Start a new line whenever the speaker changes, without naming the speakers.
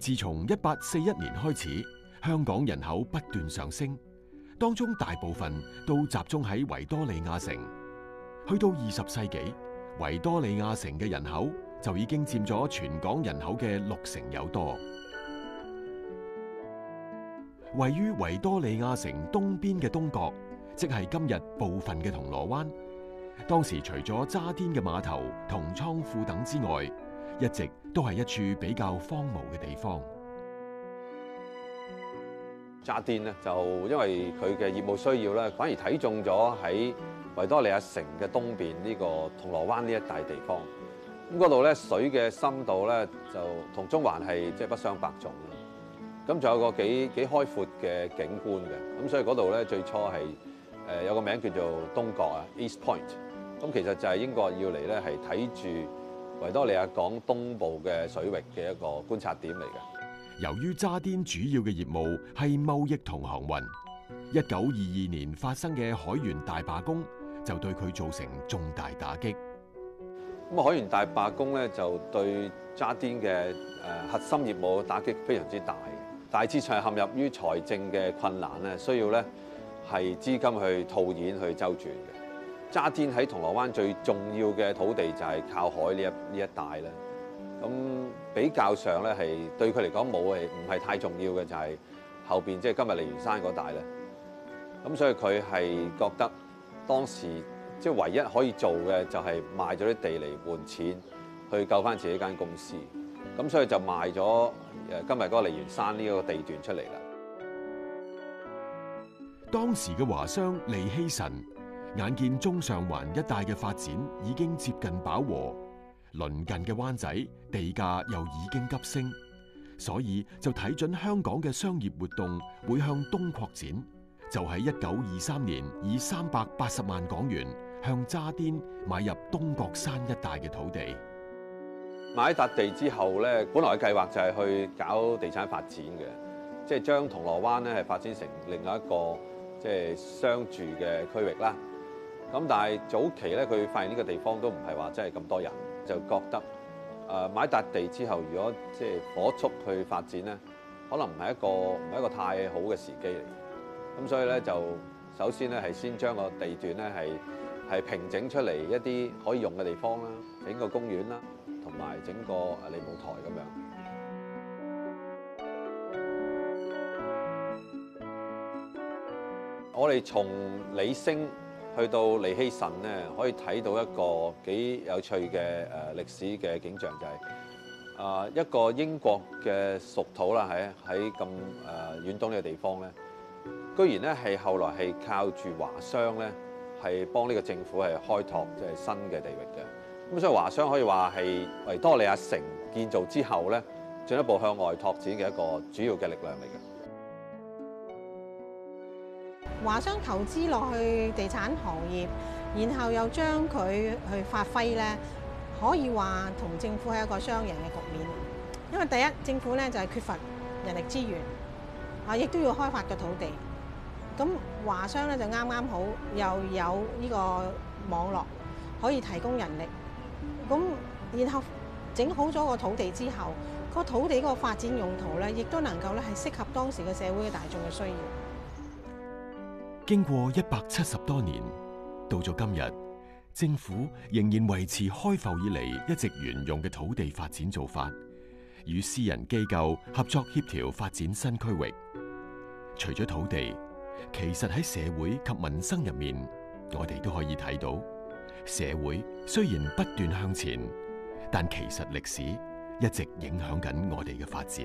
自從一八四一年開始。香港人口不斷上升，當中大部分都集中喺維多利亞城。去到二十世紀，維多利亞城嘅人口就已經佔咗全港人口嘅六成有多。位於維多利亞城東邊嘅東角，即係今日部分嘅銅鑼灣。當時除咗渣甸嘅碼頭同倉庫等之外，一直都係一處比較荒蕪嘅地方。
渣甸咧就因為佢嘅業務需要咧，反而睇中咗喺維多利亞城嘅東邊呢個銅鑼灣呢一帶地方。咁嗰度咧水嘅深度咧就同中環係即係不相伯仲啦。咁仲有個幾幾開闊嘅景觀嘅。咁所以嗰度咧最初係誒有個名叫做東角啊 （East Point）。咁其實就係英國要嚟咧係睇住維多利亞港東部嘅水域嘅一個觀察點嚟嘅。
由於渣甸主要嘅業務係貿易同航運，一九二二年發生嘅海員大罷工就對佢造成重大打擊。
咁海員大罷工咧就對渣甸嘅核心業務打擊非常之大，大致上陷入於財政嘅困難咧，需要咧係資金去套現去周轉嘅。渣甸喺銅鑼灣最重要嘅土地就係靠海呢一呢一帶咧，咁比較上咧，係對佢嚟講冇誒，唔係太重要嘅，就係後邊即係今日利園山嗰帶咧。咁所以佢係覺得當時即係唯一可以做嘅就係賣咗啲地嚟換錢，去救翻自己間公司。咁所以就賣咗誒今日嗰個利園山呢個地段出嚟啦。
當時嘅華商利希慎眼見中上環一帶嘅發展已經接近飽和。鄰近嘅灣仔地價又已經急升，所以就睇準香港嘅商業活動會向東擴展，就喺一九二三年以三百八十萬港元向渣甸買入東角山一帶嘅土地。
買咗笪地之後咧，本來嘅計劃就係去搞地產發展嘅，即係將銅鑼灣咧係發展成另外一個即係商住嘅區域啦。咁但係早期咧，佢發現呢個地方都唔係話真係咁多人。就覺得誒買一笪地之後，如果即係火速去發展咧，可能唔係一個唔係一個太好嘅時機嚟。咁所以咧就首先咧係先將個地段咧係係平整出嚟一啲可以用嘅地方啦，整個公園啦，同埋整個誒利舞台咁樣。 我哋從理星。去到利希慎，咧，可以睇到一個幾有趣嘅誒歷史嘅景象，就係啊，一個英國嘅屬土啦，喺喺咁誒遠東呢個地方咧，居然咧係後來係靠住華商咧，係幫呢個政府係開拓即係新嘅地域嘅。咁所以華商可以話係維多利亞城建造之後咧，進一步向外拓展嘅一個主要嘅力量嚟嘅。
華商投資落去地產行業，然後又將佢去發揮咧，可以話同政府係一個雙贏嘅局面。因為第一，政府咧就係缺乏人力資源，啊，亦都要開發個土地。咁華商咧就啱啱好又有呢個網絡，可以提供人力。咁然後整好咗個土地之後，個土地個發展用途咧，亦都能夠咧係適合當時嘅社會嘅大眾嘅需要。
經過一百七十多年，到咗今日，政府仍然維持開埠以嚟，一直沿用嘅土地發展做法，與私人機構合作協調發展新區域。除咗土地，其實喺社會及民生入面，我哋都可以睇到，社會雖然不斷向前，但其實歷史一直影響緊我哋嘅發展。